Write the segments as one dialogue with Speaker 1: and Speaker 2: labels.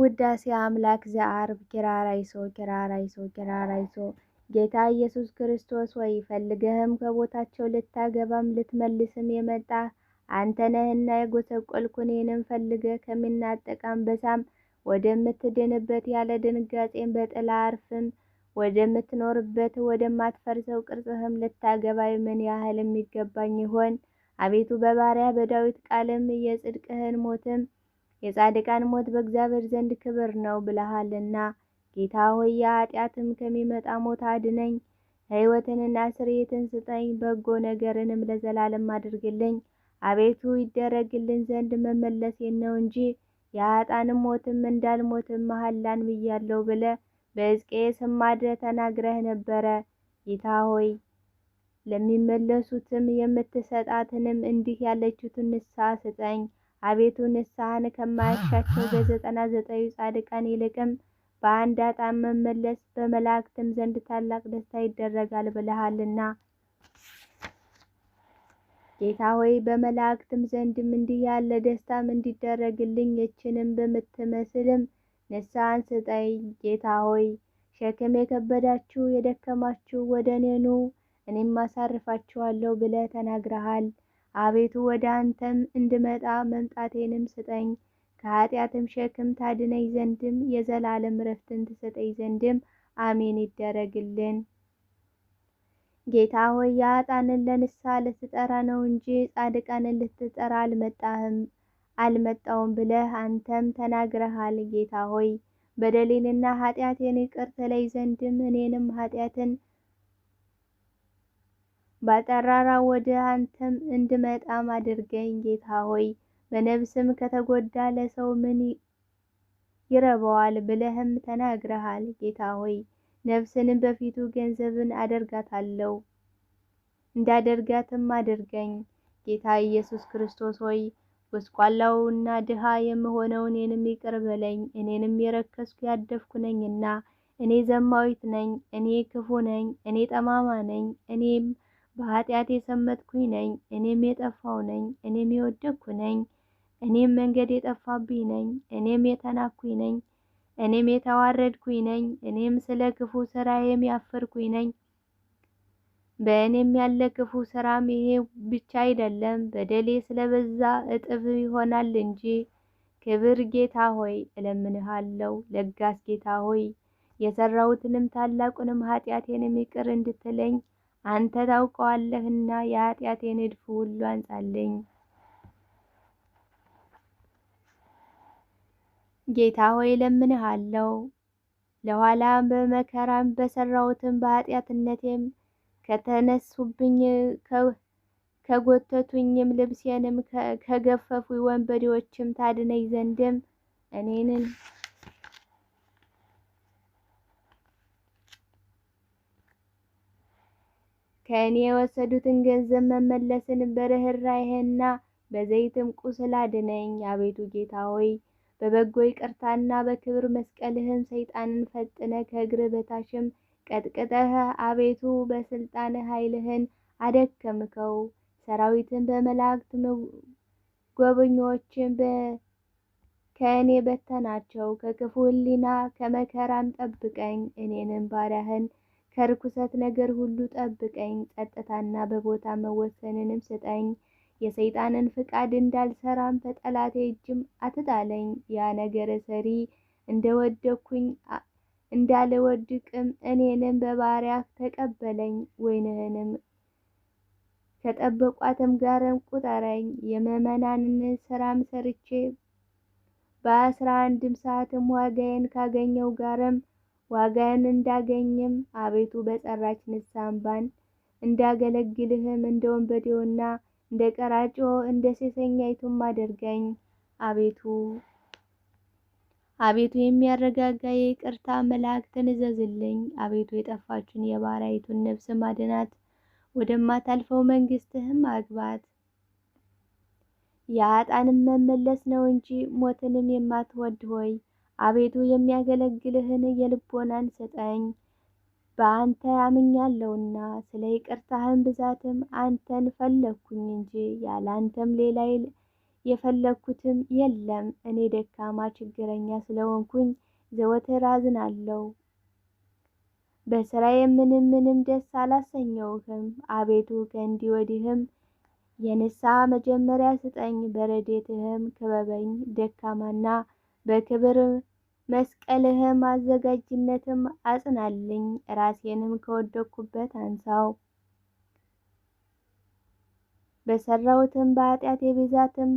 Speaker 1: ውዳሴ አምላክ ዘአርብ ኪራራይሶ ኪራራይሶ ኪራራይሶ ጌታ ኢየሱስ ክርስቶስ ወይ ፈልገህም ከቦታቸው ልታገባም ልትመልስም የመጣ አንተ ነህና የጎሰቆልኩ ፈልገ ፈልገህ ከሚናጠቅ ወደምትድንበት ያለ ድንጋጤም በጥላ አርፍም ወደምትኖርበት ወደማትፈርሰው ቅርጽህም ልታገባ ምን ያህል የሚገባኝ ይሆን? አቤቱ በባሪያ በዳዊት ቃልም የጽድቅህን ሞትም የጻድቃን ሞት በእግዚአብሔር ዘንድ ክብር ነው ብለሃልና፣ ጌታ ሆይ የኃጢአትም ከሚመጣ ሞት አድነኝ፣ ሕይወትንና ስርየትን ስጠኝ፣ በጎ ነገርንም ለዘላለም አድርግልኝ። አቤቱ ይደረግልን ዘንድ መመለሴን ነው እንጂ የአጣንም ሞትም እንዳልሞትም መሐላን ብያለሁ ብለ በሕዝቅኤል ስም ተናግረህ ነበረ። ጌታ ሆይ ለሚመለሱትም የምትሰጣትንም እንዲህ ያለችትን ንስሐ ስጠኝ። አቤቱ ንስሐን ከማያሻቸው በዘጠና ዘጠኙ ጻድቃን ይልቅም በአንድ አጣም መመለስ በመላእክትም ዘንድ ታላቅ ደስታ ይደረጋል ብለሃልና ጌታ ሆይ በመላእክትም ዘንድም እንዲህ ያለ ደስታም እንዲደረግልኝ ይችንም በምትመስልም ንስሐን ስጠኝ። ጌታ ሆይ ሸክም የከበዳችሁ የደከማችሁ ወደ እኔ ኑ እኔም አሳርፋችኋለሁ ብለ ተናግረሃል። አቤቱ ወደ አንተም እንድመጣ መምጣቴንም ስጠኝ፣ ከኃጢአትም ሸክም ታድነኝ ዘንድም የዘላለም ረፍትን ትሰጠኝ ዘንድም አሜን ይደረግልን። ጌታ ሆይ የኃጥአንን ለንስሐ ልትጠራ ነው እንጂ ጻድቃንን ልትጠራ አልመጣህም አልመጣውም ብለህ አንተም ተናግረሃል። ጌታ ሆይ በደሌንና ኃጢአቴን ይቅር ትለኝ ዘንድም እኔንም ኃጢአትን በጠራራ ወደ አንተም እንድመጣም አድርገኝ ጌታ ሆይ። በነብስም ከተጎዳ ለሰው ምን ይረባዋል ብለህም ተናግረሃል ጌታ ሆይ። ነብስንም በፊቱ ገንዘብን አደርጋታለሁ እንዳደርጋትም አድርገኝ ጌታ ኢየሱስ ክርስቶስ ሆይ። ጎስቋላውና ድሃ የምሆነው እኔንም ይቅር በለኝ። እኔንም የረከስኩ ያደፍኩ ነኝና፣ እኔ ዘማዊት ነኝ፣ እኔ ክፉ ነኝ፣ እኔ ጠማማ ነኝ፣ እኔም በኃጢአት የሰመጥኩኝ ነኝ፣ እኔም የጠፋው ነኝ፣ እኔም የወደኩ ነኝ፣ እኔም መንገድ የጠፋብኝ ነኝ፣ እኔም የተናኩኝ ነኝ፣ እኔም የተዋረድኩኝ ነኝ፣ እኔም ስለ ክፉ ስራዬም ያፈርኩኝ ነኝ። በእኔም ያለ ክፉ ስራም ይሄ ብቻ አይደለም፣ በደሌ ስለበዛ እጥፍ ይሆናል እንጂ። ክብር ጌታ ሆይ እለምንሃለሁ። ለጋስ ጌታ ሆይ የሰራሁትንም ታላቁንም ኃጢአቴንም ይቅር እንድትለኝ አንተ ታውቀዋለህና የኃጢአቴ ንድፍ ሁሉ አንጻልኝ። ጌታ ሆይ ለምንሃለው፣ ለኋላም በመከራም በሰራሁትም በኃጢአትነቴም ከተነሱብኝ ከጎተቱኝም ልብሴንም ከገፈፉ ወንበዴዎችም ታድነኝ ዘንድም እኔንን ከእኔ የወሰዱትን ገንዘብ መመለስን በርኅራይህና በዘይትም ቁስል አድነኝ። አቤቱ ጌታ ሆይ በበጎ ይቅርታና በክብር መስቀልህን ሰይጣንን ፈጥነ ከእግር በታሽም ቀጥቅጠህ አቤቱ በስልጣን ኃይልህን አደከምከው። ሰራዊትን በመላእክት ጎበኞችን ከእኔ በተናቸው። ከክፉ ሕሊና ከመከራም ጠብቀኝ እኔንም ባሪያህን ከርኩሰት ነገር ሁሉ ጠብቀኝ፣ ጸጥታና በቦታ መወሰንንም ስጠኝ። የሰይጣንን ፍቃድ እንዳልሰራም በጠላቴ እጅም አትጣለኝ። ያ ነገረ ሰሪ እንደወደኩኝ እንዳልወድቅም እኔንም በባሪያህ ተቀበለኝ። ወይንህንም ከጠበቋትም ጋርም ቁጠረኝ። የምዕመናንን ስራም ሰርቼ በአስራ አንድም ሰዓትም ዋጋዬን ካገኘው ጋርም ዋጋን እንዳገኝም አቤቱ በጸራች ንስሐ እንዳገለግልህም እንደ ወንበዴውና እንደ ቀራጮ እንደ ሴሰኛይቱም አድርገኝ። አቤቱ አቤቱ የሚያረጋጋ የይቅርታ መላእክትን እዘዝልኝ። አቤቱ የጠፋችን የባሪያይቱን ነፍስ ማድናት፣ ወደማታልፈው መንግሥትህም አግባት። የአጣንም መመለስ ነው እንጂ ሞትንም የማትወድ ሆይ አቤቱ የሚያገለግልህን የልቦናን ስጠኝ። በአንተ አምኛለሁና ስለ ይቅርታህን ብዛትም አንተን ፈለግኩኝ እንጂ ያላንተም ሌላ የፈለግኩትም የለም። እኔ ደካማ ችግረኛ ስለሆንኩኝ ዘወትር አዝናለሁ። በስራዬ ምንም ምንም ደስ አላሰኘውህም። አቤቱ ከእንዲህ ወዲህም የንስሐ መጀመሪያ ስጠኝ፣ በረዴትህም ክበበኝ። ደካማና በክብር መስቀልህም አዘጋጅነትም አጽናልኝ፣ ራሴንም ከወደኩበት አንሳው። በሰራሁትም በኃጢአት የብዛትም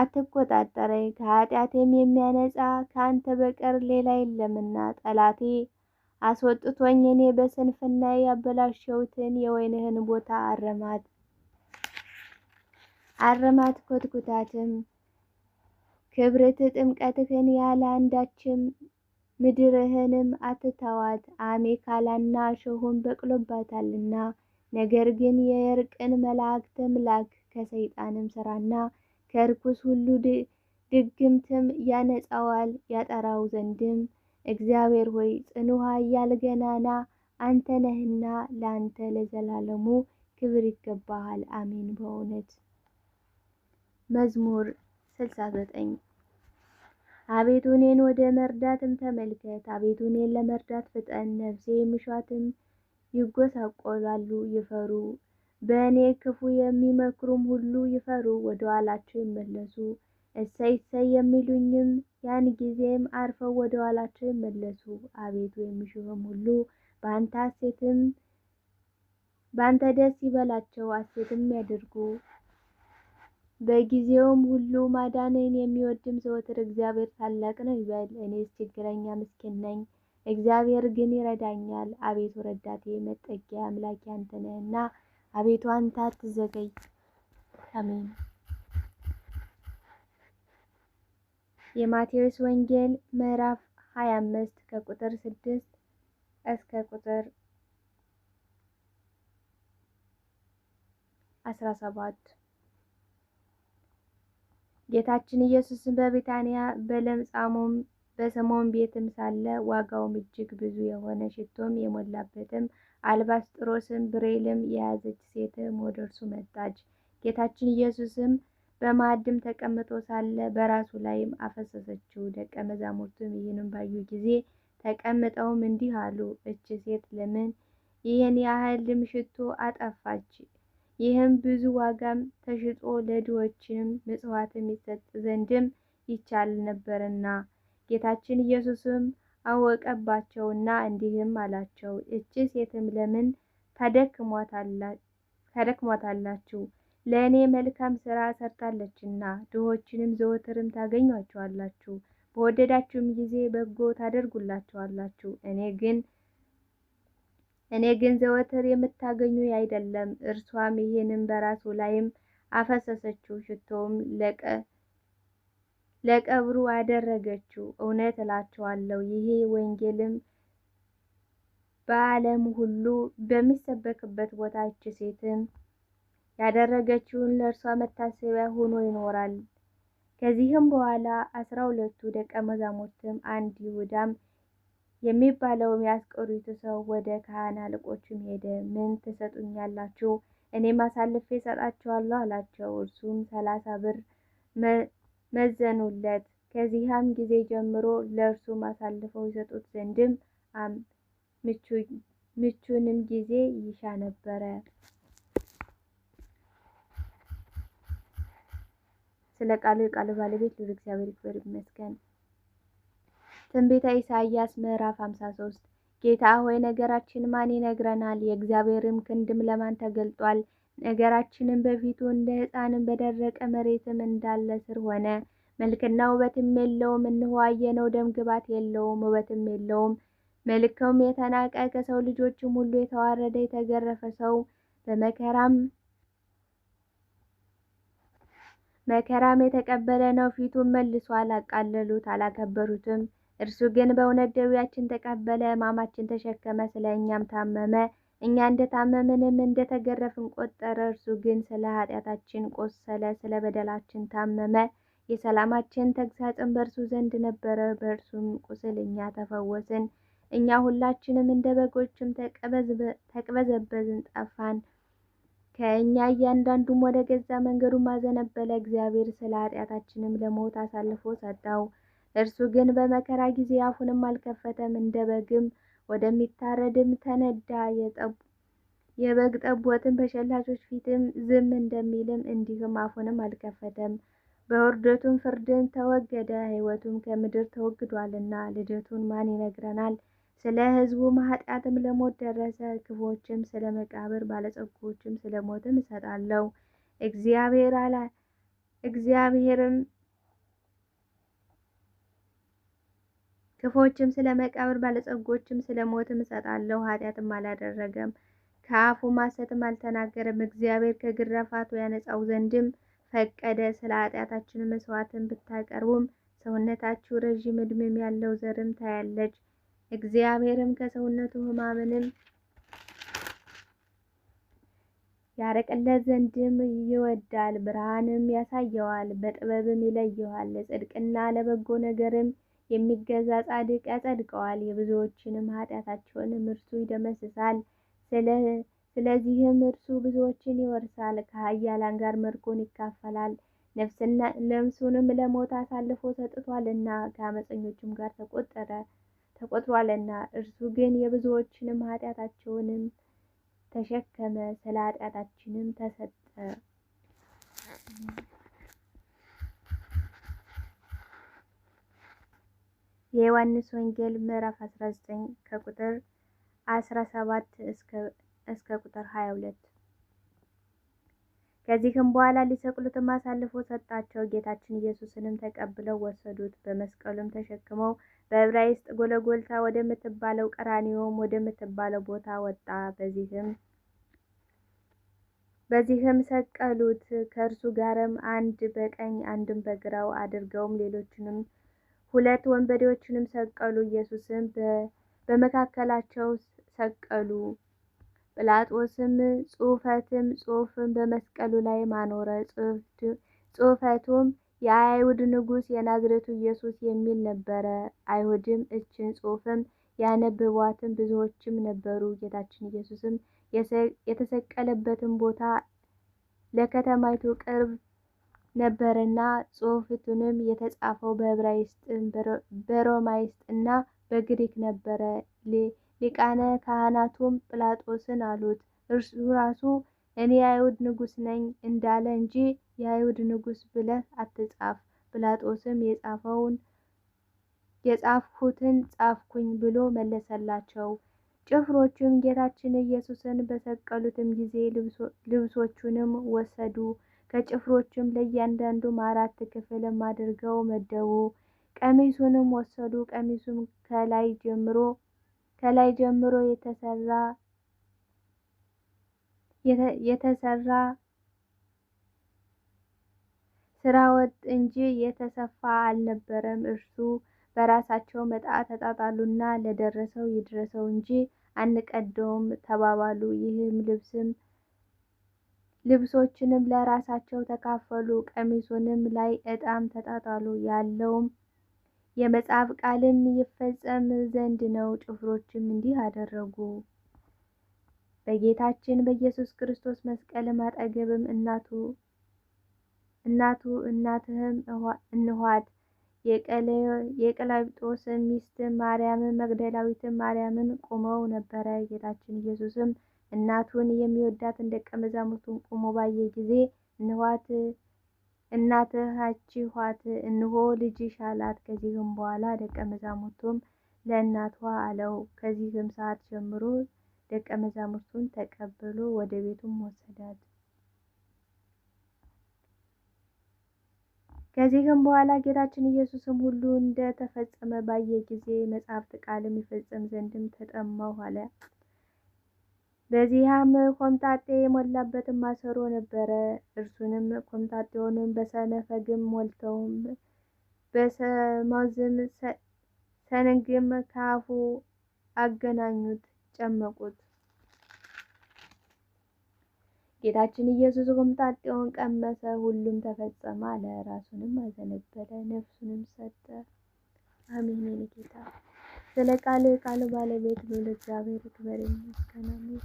Speaker 1: አትቆጣጠረኝ። ከኃጢአቴም የሚያነጻ ከአንተ በቀር ሌላ የለምና ጠላቴ አስወጥቶኝ እኔ በስንፍና ያበላሸሁትን የወይንህን ቦታ አረማት አረማት ኮትኩታትም ክብርት ጥምቀትህን ያለ አንዳችም ምድርህንም አትተዋት፣ ካላና እሾሁን በቅሎባታልና። ነገር ግን የእርቅን መላእክት ላክ፣ ከሰይጣንም ስራና ከርኩስ ሁሉ ድግምትም ያነጻዋል ያጠራው ዘንድም። እግዚአብሔር ሆይ ጽኑ ኃያል ገናና አንተ ነህና፣ ለአንተ ለዘላለሙ ክብር ይገባሃል። አሜን። በእውነት መዝሙር 69 አቤቱ እኔን ወደ መርዳትም ተመልከት። አቤቱ እኔን ለመርዳት ፍጠን። ነፍሴ የሚሿትም ይጎሳቆላሉ ይፈሩ። በእኔ ክፉ የሚመክሩም ሁሉ ይፈሩ፣ ወደ ኋላቸው ይመለሱ። እሰይ እሰይ የሚሉኝም ያን ጊዜም አርፈው ወደ ኋላቸው ይመለሱ። አቤቱ የሚሹህም ሁሉ በአንተ ሐሴትም በአንተ ደስ ይበላቸው፣ ሐሴትም ያድርጉ። በጊዜውም ሁሉ ማዳንን የሚወድም ዘወትር እግዚአብሔር ታላቅ ነው ይበል። እኔስ ችግረኛ ምስኪን ነኝ፣ እግዚአብሔር ግን ይረዳኛል። አቤቱ ረዳቴ፣ መጠጊያ አምላኬ አንተ ነህና፣ አቤቱ አንተ አትዘገይ። አሜን። የማቴዎስ ወንጌል ምዕራፍ 25 ከቁጥር 6 እስከ ቁጥር 17 ጌታችን ኢየሱስን በቢታንያ በለምጻሙም በስምዖን ቤትም ሳለ ዋጋውም እጅግ ብዙ የሆነ ሽቶም የሞላበትም አልባስጥሮስም ብሬልም የያዘች ሴትም ወደ እርሱ መጣች። ጌታችን ኢየሱስም በማዕድም ተቀምጦ ሳለ በራሱ ላይም አፈሰሰችው። ደቀ መዛሙርቱም ይህንም ባዩ ጊዜ ተቀምጠውም እንዲህ አሉ፣ እች ሴት ለምን ይህን ያህልም ሽቶ አጠፋች? ይህም ብዙ ዋጋም ተሽጦ ለድሆችንም ምጽዋት ይሰጥ ዘንድም ይቻል ነበርና ጌታችን ኢየሱስም አወቀባቸውና እንዲህም አላቸው፣ እቺ ሴትም ለምን ታደክሟታላችሁ? ለእኔ መልካም ሥራ ሰርታለችና ድሆችንም ዘወትርም ታገኟቸዋላችሁ፣ በወደዳችሁም ጊዜ በጎ ታደርጉላቸዋላችሁ። እኔ ግን እኔ ግን ዘወትር የምታገኙ አይደለም። እርሷም ይህንን በራሱ ላይም አፈሰሰችው፣ ሽቶም ለቀብሩ አደረገችው። እውነት እላችኋለሁ ይሄ ወንጌልም በዓለም ሁሉ በሚሰበክበት ቦታ እች ሴትም ያደረገችውን ለእርሷ መታሰቢያ ሆኖ ይኖራል። ከዚህም በኋላ አስራ ሁለቱ ደቀ መዛሙርትም አንድ ይሁዳም የሚባለውም የአስቆሪቱ ሰው ወደ ካህን አለቆቹም ሄደ። ምን ትሰጡኛላችሁ? እኔም አሳልፌ እሰጣችኋለሁ አላቸው። እርሱም ሰላሳ ብር መዘኑለት። ከዚያም ጊዜ ጀምሮ ለእርሱም አሳልፈው ይሰጡት ዘንድም ምቹንም ጊዜ ይሻ ነበረ። ስለ ቃሉ የቃሉ ባለቤት ልዑል እግዚአብሔር ይክበር ይመስገን። ትንቢተ ኢሳይያስ ምዕራፍ 53 ጌታ ሆይ ነገራችን ማን ይነግረናል? የእግዚአብሔርም ክንድም ለማን ተገልጧል? ነገራችንም በፊቱ እንደ ሕፃንም በደረቀ መሬትም እንዳለ ስር ሆነ። መልክና ውበትም የለውም፣ እንሆ አየነው። ደም ግባት የለውም፣ ውበትም የለውም። መልከውም የተናቀ ከሰው ልጆችም ሁሉ የተዋረደ የተገረፈ ሰው በመከራም መከራም የተቀበለ ነው። ፊቱን መልሶ አላቃለሉት፣ አላከበሩትም። እርሱ ግን በእውነት ደዌያችን ተቀበለ፣ ማማችን ተሸከመ፣ ስለ እኛም ታመመ። እኛ እንደ ታመምንም እንደ ተገረፍን ቆጠረ። እርሱ ግን ስለ ኃጢአታችን ቆሰለ፣ ስለ በደላችን ታመመ። የሰላማችን ተግሳጽን በእርሱ ዘንድ ነበረ፣ በእርሱም ቁስል እኛ ተፈወስን። እኛ ሁላችንም እንደ በጎችም ተቅበዘበዝን፣ ጠፋን። ከእኛ እያንዳንዱም ወደ ገዛ መንገዱ ማዘነበለ እግዚአብሔር ስለ ኃጢአታችንም ለሞት አሳልፎ ሰጠው። እርሱ ግን በመከራ ጊዜ አፉንም አልከፈተም፣ እንደ በግም ወደሚታረድም ተነዳ። የበግ ጠቦትም በሸላቾች ፊትም ዝም እንደሚልም እንዲሁም አፉንም አልከፈተም። በውርደቱም ፍርድን ተወገደ፣ ሕይወቱም ከምድር ተወግዷልና። ልደቱን ማን ይነግረናል? ስለ ሕዝቡ ኃጢአትም ለሞት ደረሰ። ክፎችም ስለ መቃብር ባለጸጎችም ስለ ሞትም እሰጣለሁ። እግዚአብሔር እግዚአብሔርም ክፎችም ስለ መቃብር ባለጸጎችም ስለ ሞትም እሰጣለሁ። ኃጢአትም አላደረገም፣ ከአፉ ማሰትም አልተናገረም። እግዚአብሔር ከግረፋቱ ያነጻው ዘንድም ፈቀደ። ስለ ኃጢአታችን መስዋዕትን ብታቀርቡም ሰውነታችሁ ረዥም እድሜም ያለው ዘርም ታያለች። እግዚአብሔርም ከሰውነቱ ህማምንም ያረቅለት ዘንድም ይወዳል፣ ብርሃንም ያሳየዋል፣ በጥበብም ይለየዋል፣ ለጽድቅና ለበጎ ነገርም የሚገዛ ጻድቅ ያጸድቀዋል፣ የብዙዎችንም ኃጢአታቸውንም እርሱ ይደመስሳል። ስለዚህም እርሱ ብዙዎችን ይወርሳል፣ ከኃያላን ጋር ምርኮን ይካፈላል። ነፍሱንም ለሞት አሳልፎ ሰጥቷልና ከአመፀኞችም ጋር ተቆጠረ ተቆጥሯልና እርሱ ግን የብዙዎችንም ኃጢአታቸውንም ተሸከመ፣ ስለ ኃጢአታችንም ተሰጠ። የዮሐንስ ወንጌል ምዕራፍ 19 ከቁጥር 17 እስከ ቁጥር 22። ከዚህም በኋላ ሊሰቅሉትም አሳልፎ ሰጣቸው። ጌታችን ኢየሱስንም ተቀብለው ወሰዱት። በመስቀሉም ተሸክመው በዕብራይስጥ ጎለጎልታ ወደምትባለው ቀራኒዮም ወደምትባለው ቦታ ወጣ። በዚህም በዚህም ሰቀሉት። ከእርሱ ጋርም አንድ በቀኝ አንድም በግራው አድርገውም ሌሎችንም ሁለት ወንበዴዎችንም ሰቀሉ፣ ኢየሱስም በመካከላቸው ሰቀሉ። ጲላጦስም ጽሑፈትም ጽሑፍን በመስቀሉ ላይ ማኖረ። ጽሑፈቱም የአይሁድ ንጉሥ የናዝሬቱ ኢየሱስ የሚል ነበረ። አይሁድም እችን ጽሑፍም ያነብቧትም ብዙዎችም ነበሩ። ጌታችን ኢየሱስም የተሰቀለበትን ቦታ ለከተማይቱ ቅርብ ነበረና ጽሑፍቱንም የተጻፈው በዕብራይስጥ በሮማይስጥ እና በግሪክ ነበረ። ሊቃነ ካህናቱም ጲላጦስን አሉት፣ እርሱ ራሱ እኔ የአይሁድ ንጉሥ ነኝ እንዳለ እንጂ የአይሁድ ንጉሥ ብለህ አትጻፍ። ጲላጦስም የጻፈውን የጻፍኩትን ጻፍኩኝ ብሎ መለሰላቸው። ጭፍሮቹም ጌታችን ኢየሱስን በሰቀሉትም ጊዜ ልብሶቹንም ወሰዱ። ከጭፍሮችም ለእያንዳንዱ አራት ክፍልም አድርገው መደቡ። ቀሚሱንም ወሰዱ። ቀሚሱም ከላይ ጀምሮ ከላይ ጀምሮ የተሰራ የተሰራ ስራ ወጥ እንጂ የተሰፋ አልነበረም። እርሱ በራሳቸው መጣ ተጣጣሉና ለደረሰው ይድረሰው እንጂ አንቀደውም ተባባሉ። ይህም ልብስም ልብሶችንም ለራሳቸው ተካፈሉ፣ ቀሚሱንም ላይ ዕጣም ተጣጣሉ። ያለውም የመጽሐፍ ቃልም ይፈጸም ዘንድ ነው። ጭፍሮችም እንዲህ አደረጉ። በጌታችን በኢየሱስ ክርስቶስ መስቀልም አጠገብም እናቱ እናቱ እናትህም እንኋት የቀላዊጦስ ሚስት ማርያምን መግደላዊትም ማርያምን ቆመው ነበረ። ጌታችን ኢየሱስም እናቱን የሚወዳትን ደቀ መዛሙርቱን ቆሞ ባየ ጊዜ እንኋት እናትሃችኋት እንሆ ልጅሽ አላት። ከዚህም በኋላ ደቀ መዛሙርቱም ለእናቷ አለው። ከዚህም ሰዓት ጀምሮ ደቀ መዛሙርቱን ተቀብሎ ወደ ቤቱም ወሰዳት። ከዚህም በኋላ ጌታችን ኢየሱስም ሁሉ እንደ ተፈጸመ ባየ ጊዜ መጽሐፍት ቃልም ይፈጸም ዘንድም ተጠማሁ አለ። በዚያም ኮምጣጤ የሞላበትን ማሰሮ ነበረ። እርሱንም ኮምጣጤውንም በሰነፈግም ሞልተውም በሰመዝም ሰንግም ከአፉ አገናኙት፣ ጨመቁት። ጌታችን ኢየሱስ ኮምጣጤውን ቀመሰ፣ ሁሉም ተፈጸመ አለ። ራሱንም አዘነበለ፣ ነፍሱንም ሰጠ። አሜን። የኔ ጌታ ስለ ቃል ቃሉ ባለቤት ልዑል እግዚአብሔር ክብር ይመስገን። አሜን።